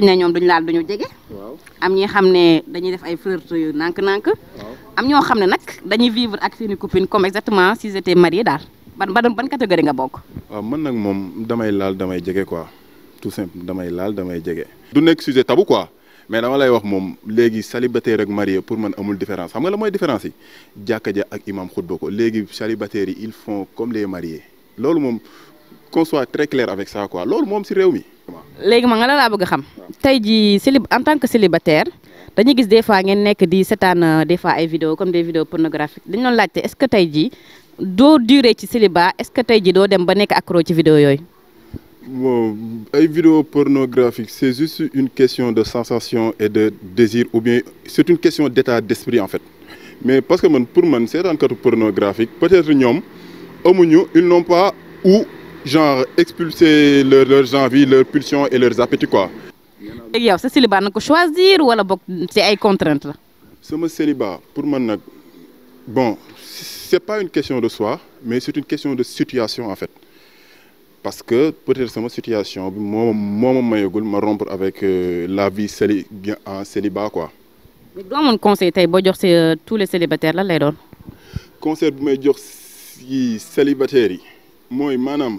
dañ ne ñoom duñ laal duñu jege. am ñi xam ne dañuy def ay flirt yu nànk-nànk. am ñoo xam ne dañuy vivre ak seeni copine comme exactement si j'étais mariée daal ban ban ban catégorie nga bokk. waaw man nag moom damay laal damay jege quoi tout simple damay laal damay jege. du nekk sujet tabou quoi mais dama lay wax moom léegi célibataire ak marié pour man amul différence xam nga la mooy différence yi jàkka ja ak imam xutba ko léegi célibataires ils font comme les mariés loolu moom qu'on soit très clair avec ça quoi loolu moom si réew la bëgg en tant que célibataire vous gis des fois ngeen nek euh, des fois comme des vidéos pornographiques est-ce que tey jii doo duré ci célibat est-ce que vous avez dit dem ba nek accro ci vidéo yoy? bon les vidéos pornographiques c'est juste une question de sensation et de désir ou bien c'est une question d'état d'esprit en fait mais parce que man pour man de pornographique peut-être qu'ils ils n'ont pas ou genre expulser leurs envies, leurs pulsions et leurs appétits quoi. Et yow ce célibat tu choisir ou boog ci ay contraintes Mon célibat pour moi, bon c'est pas une question de soi mais c'est une question de situation en fait parce que peut-être ma situation moi moo je ma rompre avec euh, la vie en célibat quoi. mais doo amoon conseil tey euh, tous les célibataires là lay conseil bu may jox célibataires moi, madame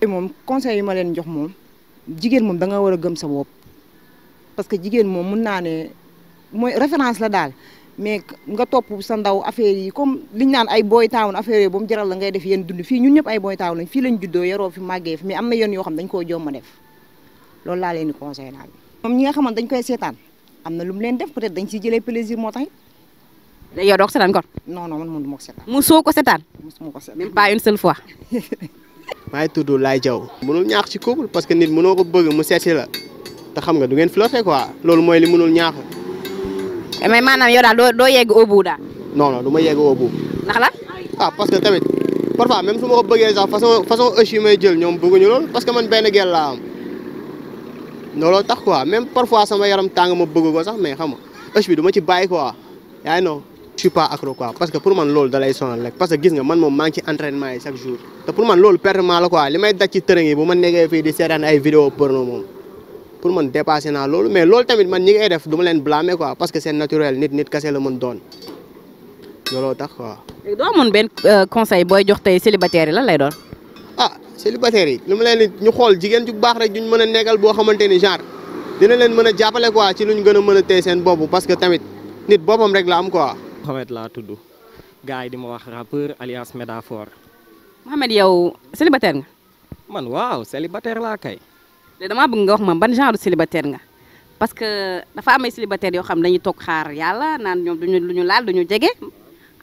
et moom conseil yi ma len jox mom jigen mom da nga wara gëm sa bop parce que jigen mom mën na ne moy référence la dal mais nga top sa ndaw affaire yi comme liñ nane ay boy town affaire yi bu mu jaral la ngay def yeen dund fi ñun ñep ay boy town lañ fi lañ juddoo yaroo fi magge fi mais amna na yo xam dañ ko jomm a def lool la leen conseil daal. mom ñi nga xam dañ koy sétan amna lu mu leen def peut-être dañ ci jëlé plaisir motax tax yow doo ko kon. non non man mu du ma sétan mu so ko mu so ko sétan même pas une seule fois. maa ngi tudd Laye Diaw. mënul ñaax ci couple parce que nit mënoo ko bëgg mu seet si la te nga du ngeen flirté quoi loolu mooy li mënul ñaax. mais maanaam yow daal doo doo yegg au bout daal. non non du ma yegg au bout. la. Ah, parce que tamit parfois même su ma ko bëggee sax façon façon ëch yi may jël ñoom bëgguñu loolu parce que man benn gel laa am tax quoi même parfois sama yaram tàng ma bëgg ko sax mais xam nga ëch du ma ci bàyyi quoi yaa ngi je suis pas accro quoi parce que pour man loolu da lay sonal rek parce que gis nga man mom maa ci entraînement chaque jour te pour man loolu perdre mal quoi limay dac ci terrain yi bu ma nekkee fii di sérane ay vidéo porno mom pour man dépasser na loolu mais loolu tamit man ñi ngay def duma len leen blâmer quoi parce que c'est naturel nit nit kese le mën donne looloo tax quoi. do amone ben euh, conseil boy jox tay célibataire yi lan lay doon. ah célibataire yi li len leen di ñu xool jigéen ju baax rek duñ mëna négal bo xamanteni genre dina len mëna jappalé quoi ci luñu gëna mëna té sen bobu parce que tamit nit boppam rek la am quoi. Mohamed laa tudd gars yi di ma wax rappeur alliance Médafor. Mohamed yow célibataire nga. man waaw célibataire laa kay. léegi damaa bëgg nga wax ma ban genre célibataire nga parce que dafa am ay célibataire yoo xam ne dañuy toog xaar yàlla naan ñoom duñu lu ñu laal duñu jege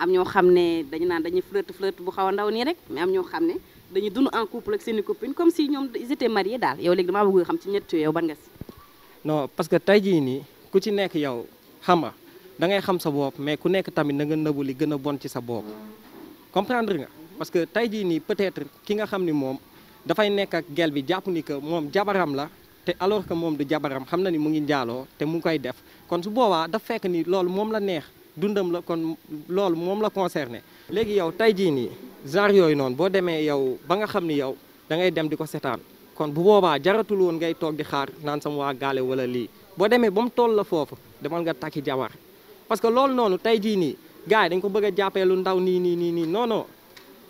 am ñoo xam ne dañu naan dañuy flirt flirt bu xaw a ndaw nii rek mais am ñoo xam ne dañuy dund en couple ak seen i copine comme si ñoom ils étaient mariés daal yow léegi damaa bëgg nga xam ci ñett yow ban que tey jii nii ci nekk yow xam nga da ngay xam sa bopp mais ku nekk tamit na nga nëbu li gën a bon ci sa bopp comprendre nga parce que tey jii nii peut-être ki nga xam ni moom dafay nekk ak gel bi jàpp ni que moom jabaram la te alors que moom du jabaram xam na ni mu ngi njaaloo te mu ngi koy def kon su boobaa daf fekk ni loolu moom la neex dundam la kon loolu moom la concerné léegi yow tey jii nii genre yooyu noonu boo demee yow ba nga xam ni yow da ngay dem di ko seetaan kon bu boobaa jaratul woon ngay toog xaar naan sama waa gaale wala lii boo demee ba mu toll la foofu demal nga takki jabar parce que loolu noonu tey jii nii gars dañ ko bëgg a jàppee lu ndaw nii nii nii nii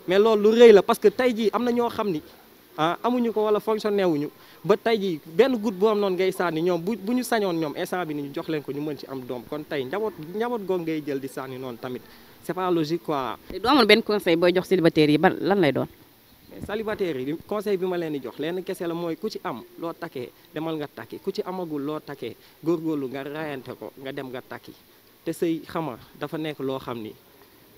mais loolu lu rëy la parce que tey jii am na ñoo xam ni ah amuñu ko wala fonctionné wuñu ba tey jii benn goutte boobu noonu ngay sànni ñoom bu bu ñu sañoon ñoom instant bi ni ñu jox leen ko ñu mën ci am doom kon tey njaboot njaboot goog ngay jël di sànni noonu tamit c'est pas logique quoi. te doo amoon benn conseil booy jox célibataire yi ban lan lay doon. célibataire yi conseil bi ma leen di jox leen kese la mooy ku ci am loo takkee demal nga takki ku ci amagul loo takkee góorgóorlu nga rayante ko nga dem nga takki. te sëy xama dafa nekk loo xam ni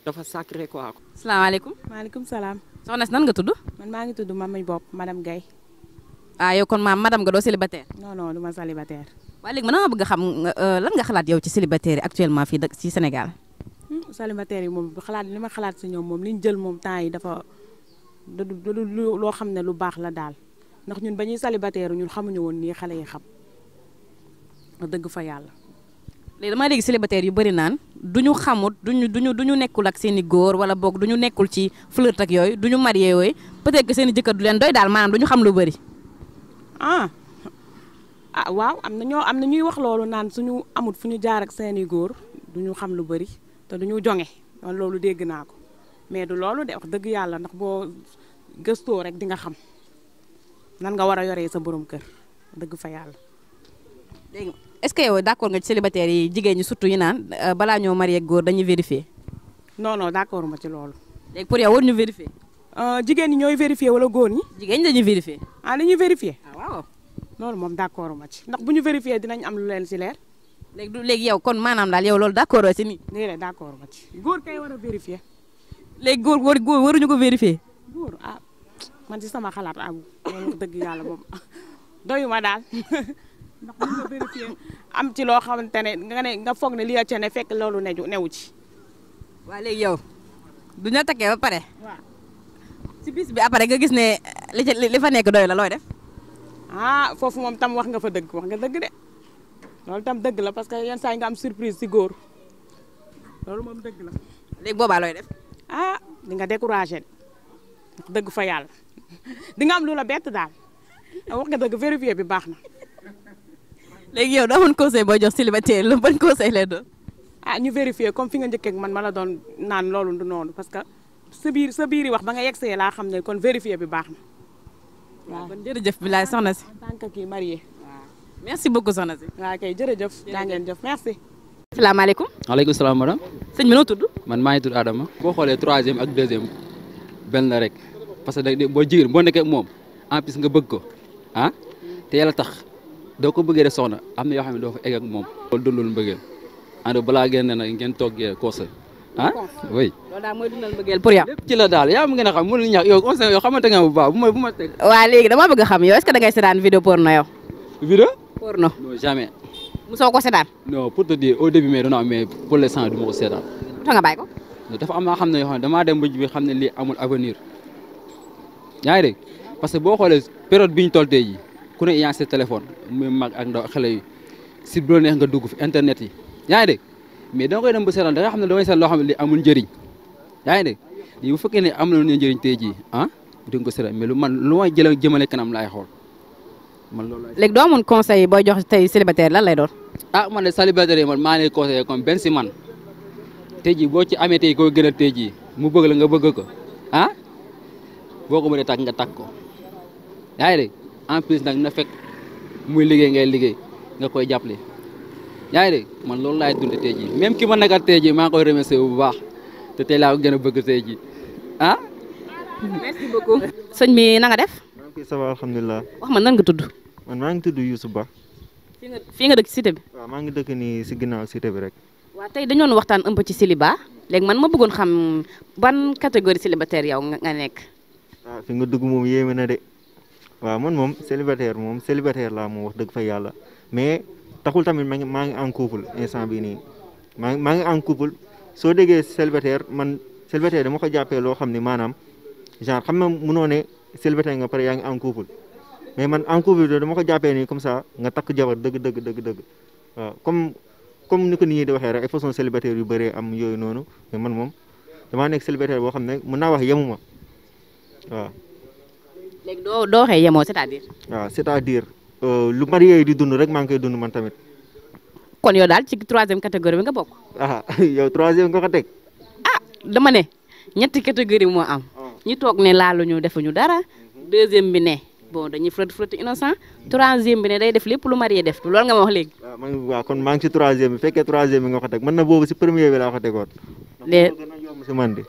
dafa sacré quoi. salaamaaleykum. maaleykum salaam. soxna si nan nga tudd. man maa ngi tudd Mamy Bopp madame Gaye. ah yow kon maam madame nga doo célibataire. non non du ma célibataire. waaye léegi man bëgg xam euh, lan nga xalaat yow ci célibataire yi actuellement fii ci Sénégal. Hmm, célibataire yi moom xalaat li ma xalaat si ñoom moom li ñu jël moom temps yi dafa da du loo xam ne lu baax la daal ndax ñun ba ñuy célibataire ñun xamuñu woon nii xale yi xam dëgg fa yàlla. léegi damaa dégg célibataire yu bëri naan du ñu xamut du ñu du ñu du ñu nekkul ak seeni góor wala boog du ñu nekkul ci flirt ak yooyu du ñu marié yooyu peut-être que jëkkër du leen doy daal maanaam du ñu xam lu bëri. Ah. ah waaw am na am na ñuy wax loolu naan suñu amut fu ñu jaar ak seeni góor du ñu xam lu bari te du ñu joŋe loolu dégg naa ko mais du loolu de wax dëgg yàlla ndax boo gëstoo rek di nga xam nan nga war a yoree sa boroom kër dëgg fa yàlla est-ce que yow accord nga ci célibataire yi jigéen ñi surtout yi naan euh, balaa ñoo marié góor dañuy vérifier. non non d' d'accord ma ci loolu. léegi pour yow war ñu vérifier. Euh, jigéen ñi ñooy vérifier wala góor ñi. jigéen ñi dañuy vérifier. ah dañuy vérifier. ah waaw loolu moom d' d'accord ma ci ndax bu ñu vérifier dinañ am lu leen si leer. léegi du léegi yow kon maanaam daal yow loolu d' d'accord ci nii. nii d'accord ma ci. góor kay war a vérifier. léegi góor war góor waruñu ko vérifier. góor ah man ci sama xalaat amu. loolu dëgg yàlla moom doyuma daal. am ci loo xamante ne nga ne nga foog ne lii ca ne fekk loolu neju newu ci waa léegi yow du ñu ba pare si bis bi après nga gis ne li fa doy la looy def ah foofu moom tam wax nga fa dëgg wax nga dëgg de loolu tam dëgg la parce que yenn saa nga am surprise si góor loolu moom dëgg la léegi boobaa looy def ah di nga découragé de dëgg fa yàlla di nga am lu la bett daal wax nga dëgg vérifier bi baax léegi yow daa mën conseil booy jox célibataire la ban conseil lay doon. ah ñu vérifier comme fi nga njëkkee man ma la doon naan loolu du noonu parce que sa biir sa biir yi wax ba nga yegsee laa xam ne kon vérifier bi baax na. waaw kon jërëjëf bilaay soxna si. en tant que kii marié. waaw merci beaucoup soxna si. waaw kay jërëjëf. jaa ngeen jëf merci. asalaamaaleykum. maaleykum salaam madame. sëñ bi noo tudd. man maa ngi tudd Adama. boo xoolee troisième ak deuxième benn la rek parce que day boo jigéen boo nekkee moom en plus nga bëgg ko ah te yàlla tax doo ko bëggee de soxna am na yoo xam ne doo fa egg ak moom loolu dundul mbëggeel ànd balaa génne nag ngeen toggee koos ah oui. loolu daal mooy dundal mbëggeel pour yow. lépp ci la daal yaa mu ngeen a xam mënuñu ñàkk yow on sait yow xamante nga bu baax bu ma bu ma. waa léegi dama bëgg a xam yow est ce que da ngay seetaan vidéo porno yow. vidéo. porno non jamais. musoo ko seetaan. non pour te dire au début mais dana am mais pour l'instant du ma ko seetaan. tax nga bàyyi ko. dafa am loo xam ne yoo xam ne damaa dem bëj bi xam ne lii amul avenir yaa ngi dégg parce que boo xoolee période bi ñu toll tey jii ku ne yaa ngi téléphone muy mag ak ndaw xale yi si bu neex nga dugg fi internet yi yaa ngi mais danga koy dem ba seetaan da nga xam ne damay seet loo xam ne li amul njëriñ yaa ngi dégg bu fekkee ne am na lu njëriñ tey jii ah di nga ko seetaan mais lu man lu may jëlee jëmale kanam laay xool man loolu léegi doo amoon conseil booy jox tey célibataire lan lay doon. ah man de célibataire yi man maa ngi lay conseillé si man tey jii boo ci amee tey koo gën a tey jii mu bëgg la nga bëgg ko ah boo ko mënee takk nga takk ko yaa ngi en plus nak na fek muy liggey ngay liggey nga koy jappelé yaay ngi man loolu lay dund téji même ki ma nekkal téji ma koy remercier bu baax té té la ko gën bëgg téji ah. merci beaucoup. señ mi na nga def. maa ngi fi ça va wax man nan nga tudd. man ma ngi tudd Youssou Ba. fi nga fi nga dëkk cité bi. wa ma ngi dëkk ni ci ginnaw cité bi rek. waaw tey dañoon waxtaan un peu ci célibat lég man ma bëggoon xam ban catégorie célibataire yow nga nekk. ah fi nga dugg mom yéme na dé waaw man moom célibataire moom célibataire laa moom wax dëgg fa yàlla mais taxul tamit ma maa ngi en couple instant bi nii maa ngi maa ngi en couple soo déggee célibataire man célibataire dama ko jàppee loo xam ne maanaam genre xam na mënoo ne célibataire nga pare yaa ngi en couple mais man en couple dama ko jàppee nii comme ça nga takk jabar dëgg dëgg dëgg dëgg waaw comme comme ni ko nit ñi di waxee rek ay façon célibataire yu bëree am yooyu noonu mais man moom damaa nekk célibataire boo xam ne mën naa wax yemuma waaw léegi doo doo waxee yemoo c'est-à-dire. waaw cest à lu marié di dund rek maa ngi koy dund man tamit. kon yow daal ci troisième catégorie bi nga bokk. ah yow troisième nga ko teg. ah dama ne ñetti catégorie moo am. Oh. ñi toog ne laaluñu defuñu dara. Mhm. deuxième bi ne bon dañuy frotte frotte innocent. Mhm. troisième bi ne day def lépp lu marié def loolu nga ma wax léegi. waaw ah, man waaw kon maa ngi ci troisième bi fekkee troisième bi nga ko teg na boobu si premier bi laa ko tegoon. léegi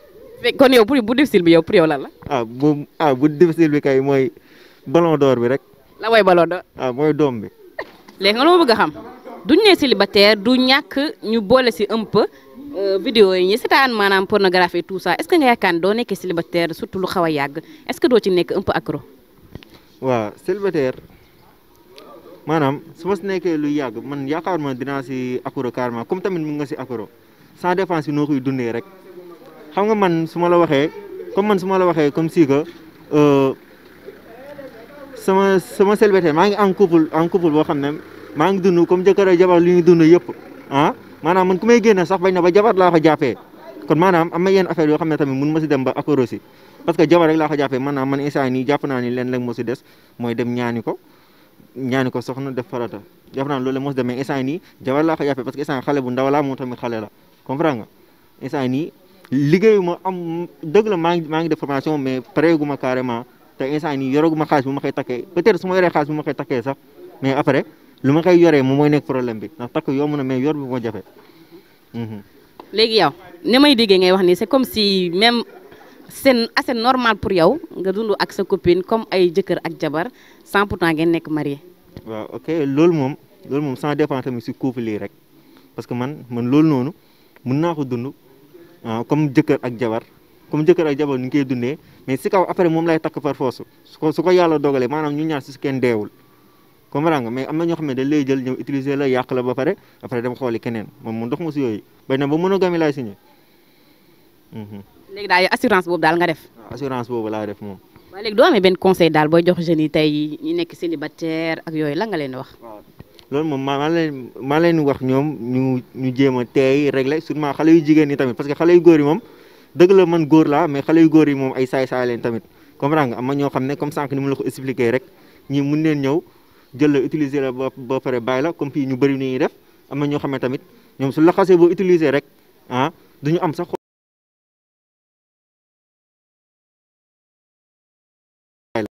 kon yow pour bu difficile bi yow pour yow lan la. ah bu ah bu difficile bi kay mooy ballon d'or bi rek. la mooy ballon d'or. Ah, mooy doom bi. léegi nga ma bëgg a xam duñ ne célibataire du ñàkk ñu boole si ëmp peu euh, yi ñu seetaan maanaam pornographie tout ça est ce que nga yaakaar doo nekkee célibataire surtout lu xaw a yàgg est ce que doo ci nekk un peu accro. waaw célibataire maanaam su ma si nekkee lu yàgg man yaakaar ma dinaa si accro carrément comme tamit mu nga si accro xam nga man su ma la waxee man su ma la waxee comme si que euh, sama sama célibataire maa ngi en couple en couple boo xam ne maa ngi dund comme jëkkër ak jabar li dund yëpp ah maanaam man ku may génne sax bañ na ba jabar laa ko jàppee kon maanaam am na yenn affaire yoo xam ne mun ma si dem ba accord aussi parce que jabar rek laa ko jàppee maanaam man instant nii jàpp naa ni leen rek moo si mooy dem ñaani ko ñaani ko soxna def farata jàpp naa loolu moo si demee instant nii jabar laa ko jàppee parce que instant xale bu ndaw laa moom tamit xale la comprendre nga liggéeyuma am dëgg la maa ngi maa ngi def formation mais pareeguma carrément te instant nii yoraguma xaalis bu ma koy takkee peut-être su ma yoree xaalis bu ma kay takkee sax mais après lu ma koy yoree moom mooy nekk problème bi ndax takk yomb na mais yor bi moo jafe. Mhm. léegi yow ni may déggee ngay wax nii c'est comme si même seen assez normal pour yow nga dund ak sa copine comme ay jëkkër ak jabar sans pourtant ngeen nekk marié. waaw loolu moom loolu moom sans dépendre tamit si couple yi rek parce que man man loolu noonu mën Ah, comme jëkkër ak jabar comme jëkkër ak jabar ñu koy dundee mais si kaw après moom lay takk par force su ko su ko yàlla dogalee maanaam ñu ñaar si kenn deewul comprends nga mais am na ñoo xam ne dañ lay jël ñëw ba pare après dem xooli keneen moom mu dox ma si yooyu bay na ba monogamie laay signé. Mhm. léegi daal assurance boobu daal nga def. Ah, assurance boobu laa def moom. waaye léegi doo amee benn conseil daal boo jox jeunes yi tey ñu nekk célibataire ak yooyu la nga leen wax. loolu moom maa maa leen maa leen wax ñoom ñu ñu jéem a teey régler xale yu jigéen ñi tamit parce que xale yu góor yi moom dëgg la man góor laa mais xale yu góor yi moom ay saay-saay leen tamit comprendre nga am na ñoo xam ne comme sànq ni mu la ko expliqué rek ñi mun leen ñëw jël la utiliser la ba ba pare bàyyi la comme fii ñu bëri ni ñuy def am na ñoo xam ne tamit ñoom su la xasee boo utiliser rek ah duñu am sax